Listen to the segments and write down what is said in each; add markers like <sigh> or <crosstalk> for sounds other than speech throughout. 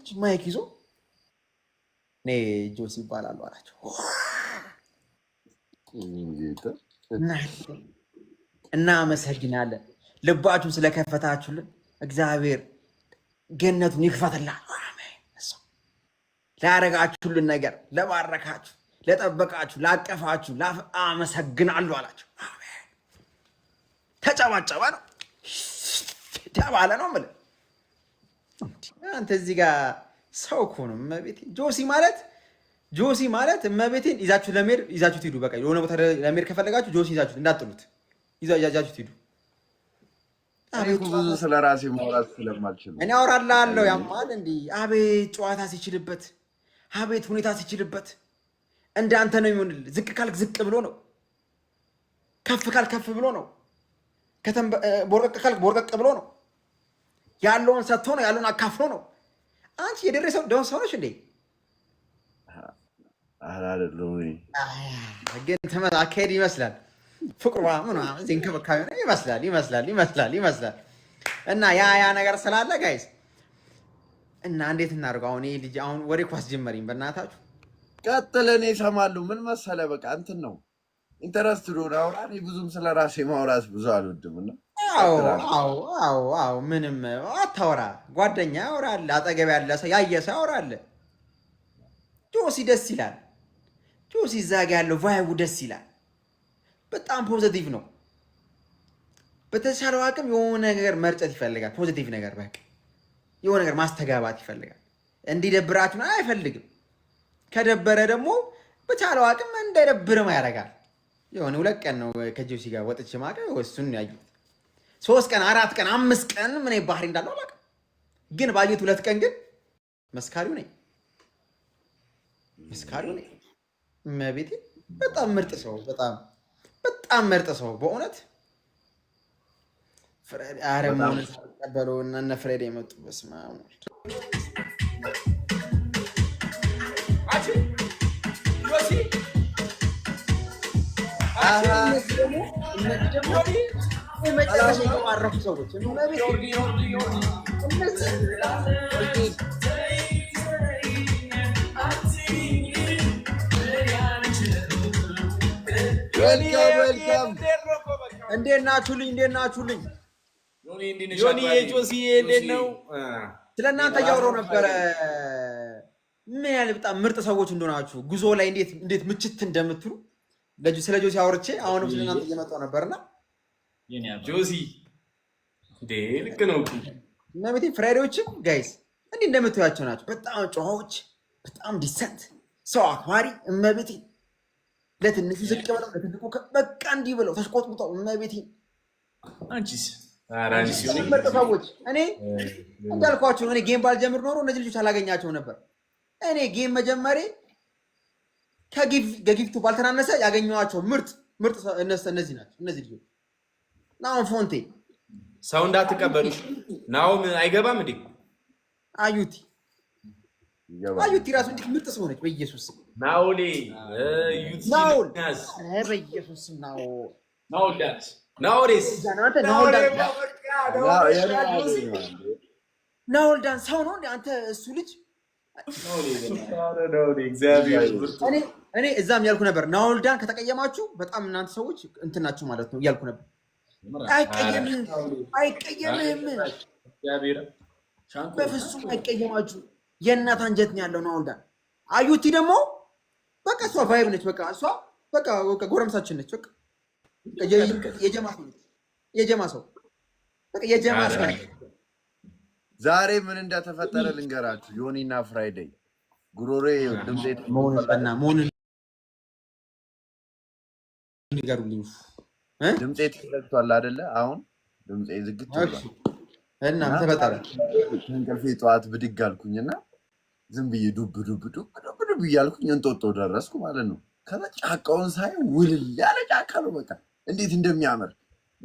ሰዎች ማይክ ይዞ እኔ ጆሲ ይባላሉ አላቸው። እናመሰግናለን ልባችሁን ስለከፈታችሁልን እግዚአብሔር ገነቱን ይክፈትላል። ላያረጋችሁልን ነገር ለባረካችሁ፣ ለጠበቃችሁ፣ ላቀፋችሁ አመሰግናለሁ አላቸው። ተጨባጨባ ነው ተባለ ነው የምልህ አንተ እዚህ ጋር ሰው እኮ ነው እመቤቴ። ጆሲ ማለት ጆሲ ማለት እመቤቴን ይዛችሁ ለመሄድ ይዛችሁት ሂዱ። በቃ የሆነ ቦታ ለመሄድ ከፈለጋችሁ ጆሲ ይዛችሁት እንዳጥሉት ይዛችሁት ሂዱ። ብዙ ስለ ራሴ ማውራት ስለማልችል እኔ አውራላለሁ። ያማል እንዲህ አቤት ጨዋታ ሲችልበት፣ አቤት ሁኔታ ሲችልበት፣ እንደ አንተ ነው የሚሆንል። ዝቅ ካልክ ዝቅ ብሎ ነው፣ ከፍ ካልክ ከፍ ብሎ ነው፣ ቦርቀቅ ካልክ ቦርቀቅ ብሎ ነው። ያለውን ሰጥቶ ነው፣ ያለውን አካፍሎ ነው። አንቺ የደረሰው ደስ ሆነሽ እንዴ? ግን ትመት አካሄድ ይመስላል ፍቅሯ ምናምን እዚህ እንክብካቤ ነው ይመስላል ይመስላል ይመስላል ይመስላል። እና ያ ያ ነገር ስላለ ጋይስ እና እንዴት እናድርገው አሁን? ይህ ልጅ አሁን ወሬ ኳስ ጀመሪኝ። በእናታችሁ ቀጥል፣ እኔ እሰማለሁ። ምን መሰለህ በቃ እንትን ነው ኢንተረስት ዶን አውራ። እኔ ብዙም ስለ ራሴ ማውራት ብዙ አልወድም እና አዎ ምንም አታወራ። ጓደኛ ያወራል፣ አጠገብ ያለ ሰው ያየ ሰው ያወራል። ጆሲ ደስ ይላል። ጆሲ እዛ ጋ ያለው ቫይቡ ደስ ይላል። በጣም ፖዘቲቭ ነው። በተሻለው አቅም የሆነ ነገር መርጨት ይፈልጋል። ፖዘቲቭ ነገር በቃ የሆነ ነገር ማስተጋባት ይፈልጋል። እንዲደብራችሁ አይፈልግም። ከደበረ ደግሞ በቻለው አቅም እንዳይደብርም ያደርጋል። የሆነ ሁለት ቀን ነው ከጆሲ ጋር ወጥቼ ማቀ እሱን ያዩት ሶስት ቀን አራት ቀን አምስት ቀን ምን ባህሪ እንዳለው አላውቅም፣ ግን ባየሁት ሁለት ቀን ግን መስካሪው ነኝ መስካሪው ነኝ። እመቤቴ በጣም ምርጥ ሰው፣ በጣም በጣም ምርጥ ሰው በእውነት አረ መሆኑን እነ ፍሬድ የመጡ በስማ አብ ወልድ ሰዎች እንዴት ናችሁልኝ? እንዴት ናችሁልኝ? ዮኒ እንዴት ነው? ስለ እናንተ እያወራሁ ነበረ። ምን ያህል በጣም ምርጥ ሰዎች እንደሆናችሁ ጉዞ ላይ እንዴት ምችት እንደምትሉ ስለ ጆሲ አውርቼ አሁንም ስለ እናንተ እየመጣሁ ነበርና ጆሲ ልክ ነው እና ቤቴ ፍራይዴዎችም ጋይስ እንዲህ እንደምትያቸው ናቸው። በጣም ጨዋዎች፣ በጣም ዲሰንት፣ ሰው አክባሪ እመቤቴ። ለትንሹ ዝቅ ብለው ለትልቁ በቃ እንዲህ ብለው ተሽቆጥቁጠው እመቤቴ። አንቺስ መርጥ ሰዎች። እኔ እንዳልኳቸው እኔ ጌም ባልጀምር ኖሮ እነዚህ ልጆች አላገኛቸው ነበር። እኔ ጌም መጀመሬ ከጊፍቱ ባልተናነሰ ያገኘኋቸው ምርጥ ምርጥ እነዚህ ናቸው እነዚህ ልጆች ናሆም ፎንቴ ሰው እንዳትቀበሉ። ናሆም አይገባም እንዴ? አዩቲ አዩቲ ራሱ እንዴት ምርጥ ሰው ነች። በኢየሱስ ናኦሌ ዩቲ ናኦል በኢየሱስ ናኦ ናኦዳት ናኦሬስ ናኦልዳን ሰው ነው አንተ እሱ ልጅ እኔ እዛም ያልኩ ነበር። ናኦልዳን ከተቀየማችሁ በጣም እናንተ ሰዎች እንትናችሁ ማለት ነው እያልኩ ነበር አይቀየምህም፣ አይቀየምህም፣ በፍጹም አይቀየማችሁ። የእናት አንጀት ነው ያለው ነው ወልዳ። አዩቲ ደግሞ በቃ እሷ ቫይብ ነች። በቃ እሷ በቃ ጎረምሳችን ነች። በቃ የጀማ የጀማ ሰው በቃ የጀማ ሰው ዛሬ ምን እንደተፈጠረ ልንገራችሁ። ዮኒና ፍራይዴይ ጉሮሬ ድምፅ መሆኑን ድምፄ ተዘግቷል አይደለ? አሁን ድምፄ ዝግት እና ተፈጠረ። ከእንቅልፌ ጠዋት ብድግ አልኩኝና ዝም ብዬ ዱብ ዱብ ዱብ ዱብ ዱብ እያልኩኝ እንጦጦ ደረስኩ ማለት ነው። ከዛ ጫካውን ሳይ ውልል ያለ ጫካ ነው። በቃ እንዴት እንደሚያምር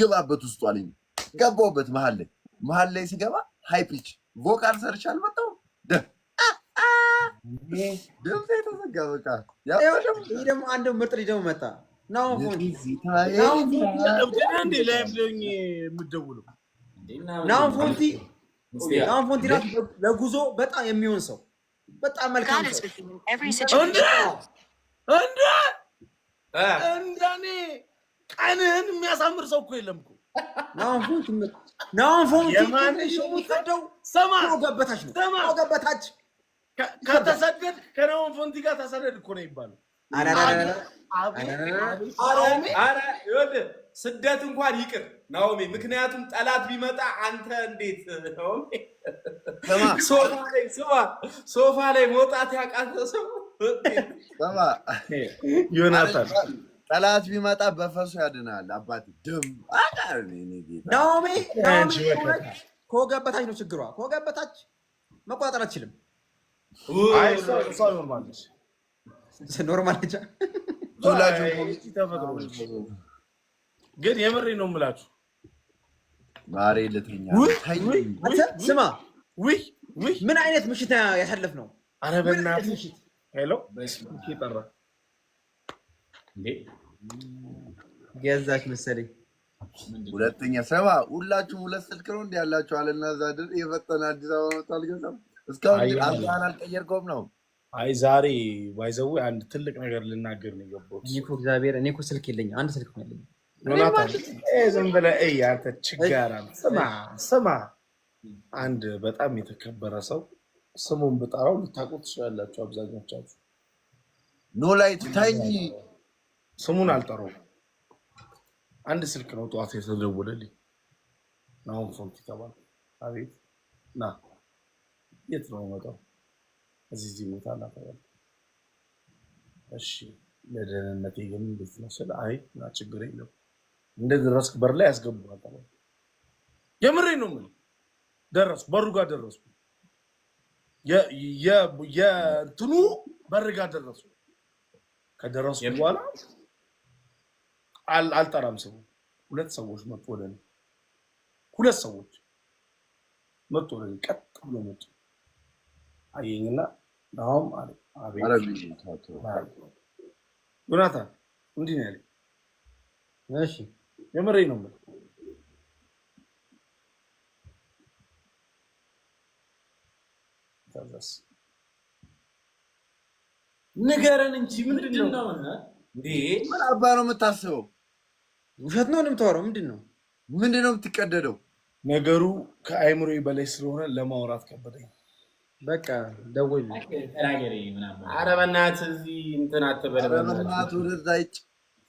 ግባበት ውስጡ አለኝ። ገባውበት መሀል ላይ መሀል ላይ ስገባ ሃይፒች ቮካል ሰርች አልመጣሁም። ድምፄ ተዘጋ። በቃ ይህ ደግሞ አንድ ምርጥ ልጅ ደግሞ መጣ ነው ፎንቲ ናት ለጉዞ በጣም የሚሆን ሰው በጣም መልካም እንደኔ ቀንህን የሚያሳምር ሰው እኮ የለም እኮ ናሁን ፎንቲ ገበታች ነው ገበታች ከተሰደድ ከናሁን ፎንቲ ጋር ተሰደድ እኮ ነው ይባላል ስደት እንኳን ይቅር ናኦሚ፣ ምክንያቱም ጠላት ቢመጣ አንተ እንዴት ሶፋ ላይ መውጣት ያቃተ ሰው ዮናታን፣ ጠላት ቢመጣ በፈሱ ያድናል። አባት ደም ናኦሜ፣ ከወገበታች ነው ችግሯ። በታች መቆጣጠር አትችልም። ኖርማል ዱላጁ ግን የምሬ ነው የምላችሁ። ዛሬ ልተኛ ስማ፣ ምን አይነት ምሽት ያሳለፍ ነው? ኧረ በእናትህ ጠራ ገዛች መሰለኝ። ሁለተኛ ሰባ ሁላችሁም ሁለት ስልክ ነው እንዲ ያላችሁ አለና ዛድር የፈጠነ አዲስ አበባ መጣ አልገዛም እስካሁን አልቀየርከውም ነው አይ ዛሬ ባይዘው አንድ ትልቅ ነገር ልናገር ነው የገባሁት። እኔ እኮ እግዚአብሔር እኔ እኮ ስልክ የለኝ አንድ ስልክ ነው ያለኝ። ዝም ብለህ እይ አንተ ችጋራ። ስማ ስማ፣ አንድ በጣም የተከበረ ሰው ስሙን ብጠራው ልታውቁት ትችላላችሁ አብዛኞቻችሁ። ኖ ላይ ታይ ስሙን አልጠራውም። አንድ ስልክ ነው ጠዋት የተደወለልኝ። ናሁን ፎንት ተባል። አቤት ና፣ የት ነው መጣው እዚህ እዚህ ቦታ ላፈያል። እሺ ለደህንነት ግን እንዴት ነው ስል አይ ና ችግር የለም እንደ ደረስክ በር ላይ ያስገቡሃል ተባለ። የምሬ ነው ምን ደረስኩ፣ በሩ ጋር ደረስኩ፣ የእንትኑ በር ጋር ደረሱ። ከደረሱ በኋላ አልጠራም ሰው ሁለት ሰዎች መጡ ወደ እኔ፣ ሁለት ሰዎች መጡ ወደ እኔ፣ ቀጥ ብሎ መጡ አየኝና አሁን እንዲህ ነው እሺ የምሬ ነው። ንገረን እንጂ ምንድን ነው? አባ ነው የምታስበው? ውሸት ነው የምታወራው? ምንድን ነው ምንድን ነው የምትቀደደው? ነገሩ ከአይምሮ በላይ ስለሆነ ለማውራት ከበደኝ። በቃ ደውል። ኧረ በእናትህ እዚህ እንትን አትበል። በእናትህ ወደ እዛ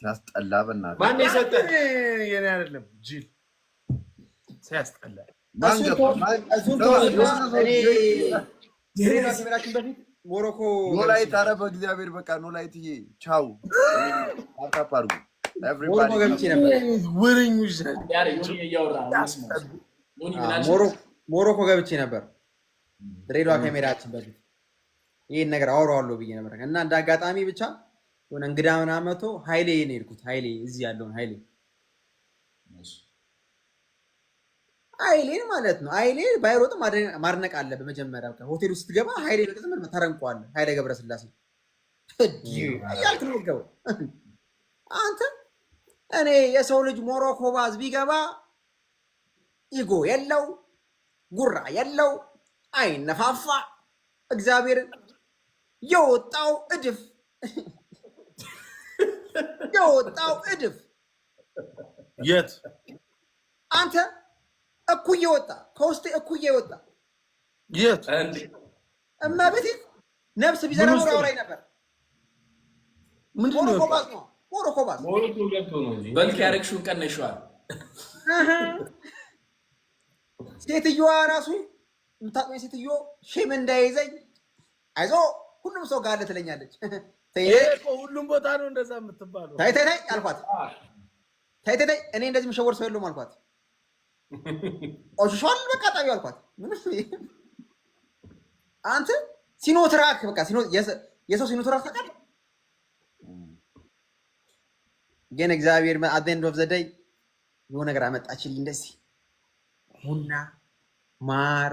ሲያስጠላ በእናትህ ማነው የሰጠህ? የእኔ አይደለም ጅል ሲያስጠላ። ከሜራችን በፊት ሞሮኮ ኖላይት። ኧረ በእግዚአብሔር በቃ ኖላይትዬ፣ ቻው ታፕ ሞሮኮ ገብቼ ነበር ድሬዳዋ ከሜዳችን በፊት ይህን ነገር አውረዋለሁ ብዬ ነበር እና እንደ አጋጣሚ ብቻ ሆነ እንግዳ ምን መቶ ሀይሌ ነው የሄድኩት። ሀይሌ እዚህ ያለውን ሀይሌ ሀይሌን ማለት ነው። ሀይሌ ባይሮጥም ማድነቅ አለ። በመጀመሪያ ሆቴሉ ስትገባ ሀይሌ በቅጽበት ታረንቋለ። ሀይሌ ገብረስላሴ እያልክ ነው የምትገባው <laughs> አንተ። እኔ የሰው ልጅ ሞሮኮ ባዝ ቢገባ ኢጎ የለው ጉራ የለው አይነፋፋ እግዚአብሔርን የወጣው እድፍ የወጣው እድፍ የት አንተ እኩዬ ወጣ ከውስጥ እኩዬ ወጣ። የት እመቤቴ ነፍስ ቢዘራ ኖሮ አውራኝ ነበር። ምንድን ነው በልክ ያደረግሽውን ቀነሸዋል። ሴትዮዋ ራሱ የምታውቀኝ ሴትዮ ሺም እንዳይዘኝ አይዞ ሁሉም ሰው ጋር አለ ትለኛለች። <laughs> ሁሉም ቦታ ነው እንደዛ የምትባለው። ታይ ታይ አልኳት። ታይ ታይ እኔ እንደዚህ የምሸወር ሰው የለውም አልኳት። ኦሽሿል <laughs> በቃ ጣቢው አልኳት። አንተ ሲኖትራክ በቃ የሰው ሲኖትራክ ታውቃለህ? ግን እግዚአብሔር አዘንድ ኦፍ ዘደይ የሆነ ነገር አመጣችልኝ እንደዚህ ቡና ማር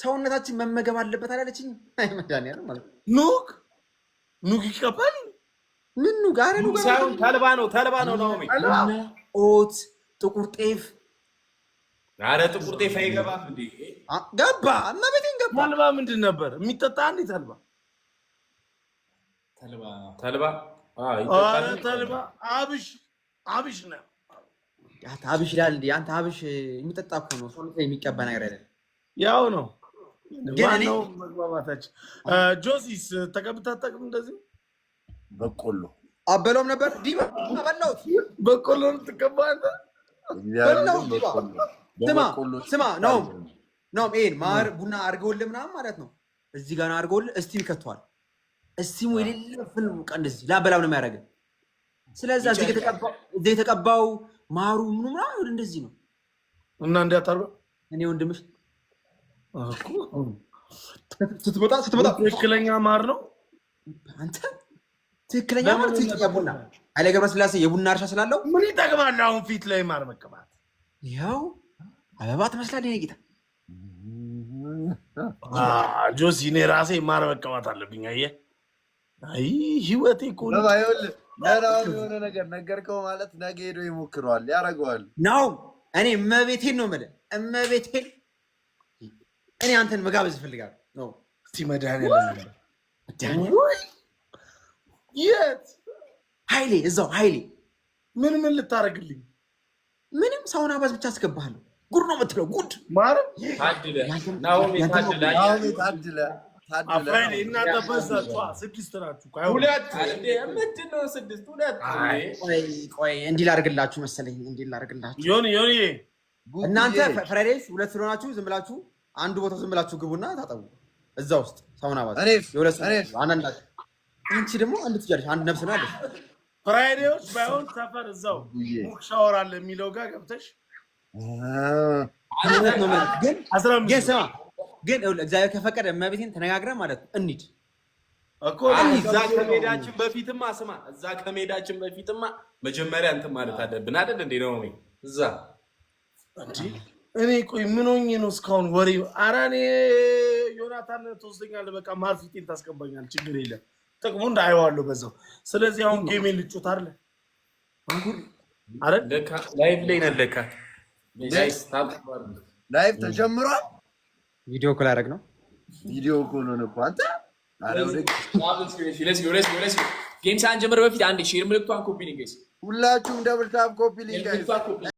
ሰውነታችን መመገብ አለበት አላለችኝ? መድኃኒዓለም ማለት ኑግ ኑግ ይቀባል። ምን ኑግ? አረ ኑግ ሳይሆን ተልባ ነው፣ ተልባ ነው። ናሆሜ ኦት፣ ጥቁር ጤፍ። አረ ጥቁር ጤፍ አይገባም። እንዲ ገባ፣ እመቤቴን ገባ። ተልባ ምንድን ነበር የሚጠጣ? አንዴ ተልባ ተልባ ተልባ አብሽ አብሽ ነው አብሽ ይላል። አንተ አብሽ የሚጠጣ እኮ ነው፣ ሰውነት የሚቀባ ነገር አይደለም። ያው ነው ዋናው መግባባታችን። ጆሲስ ተቀብታ አታውቅም እንደዚህ በቆሎ አበላውም ነበር ዲማ በላሁት። በቆሎ አንተ? ዲማ። ስማ ነው ነው ይሄን ማር ቡና አድርገውልህ ምናምን ማለት ነው። እዚህ ጋር አድርገውልህ እስቲም ይከተዋል። እስቲሙ የሌለ ፍልሙ ቀን እንደዚህ ላበላም ነው የሚያደርገን። ስለዚህ እዚህ የተቀባው ማሩ ምኑ ምናምን እንደዚህ ነው እና እንዲያታርበ እኔ ወንድምሽ ስትመጣ ስትመጣ ትክክለኛ ማር ነው አንተ ትክክለኛ ማር ትክክለኛ ቡና ኃይሌ ገብረስላሴ የቡና እርሻ ስላለው ምን ይጠቅማል? አሁን ፊት ላይ ማር መቀባት ያው አበባ ትመስላለህ። ጌታ ጆሲ፣ እኔ ራሴ ማር መቀባት አለብኝ። አየህ፣ አይ ህይወቴ እኮ የሆነ ነገር ነገርከው ማለት ነገ ሄዶ ይሞክረዋል፣ ያደርገዋል እኔ እመቤቴን ነው የምልህ እመቤቴን እኔ አንተን መጋበዝ ይፈልጋል ነው። እስቲ መድኃኒዓለም የት ሀይሌ እዛው ኃይሌ ምን ምን ልታደርግልኝ? ምንም ሳውና ባዝ ብቻ አስገባለሁ። ጉድ ነው የምትለው ጉድ ማርያም እንዲህ ላድርግላችሁ መሰለኝ፣ እንዲህ እናንተ ፍራይዴይስ ሁለት ስለሆናችሁ ዝም ብላችሁ አንዱ ቦታ ዝም ብላችሁ ግቡና ታጠቡ። እዛ ውስጥ ሳሙና ባዝ አንቺ ደግሞ አንድ ትጃለሽ፣ አንድ ነፍስ ነው አለሽ። ፍራይዴዎች ባይሆን ሰፈር እዛው ሙክ ሻወር አለ የሚለው ጋር ገብተሽ ግን ስማ ግን እግዚአብሔር ከፈቀደ እመቤቴን ተነጋግረ ማለት ነው እንሂድ እኮ እዛ ከሜዳችን በፊትማ ስማ፣ እዛ ከሜዳችን በፊትማ መጀመሪያ እንትን ማለት አለብን አይደል? እንዴ ነው እዛ እኔ ቆይ ምን ሆኜ ነው እስካሁን ወሬ? ኧረ እኔ ዮናታን ትወስደኛለህ፣ በቃ ማርፊቴን ታስገባኛለህ፣ ችግር የለም ጥቅሙ እንደ በዛው። ስለዚህ አሁን ጌሜን ልጩት አለ ላይቭ ላይ ነን። ላይቭ ተጀምሯል። ቪዲዮ ኮል አደረግ ነው ቪዲዮ ኮል ሆነ እኮ አንተ። ጌም ሳንጀምር በፊት አንድ ሼር ምልክቷን ኮፒ ሊንክ፣ ሁላችሁም ደብል ታፕ ኮፒ ሊንክ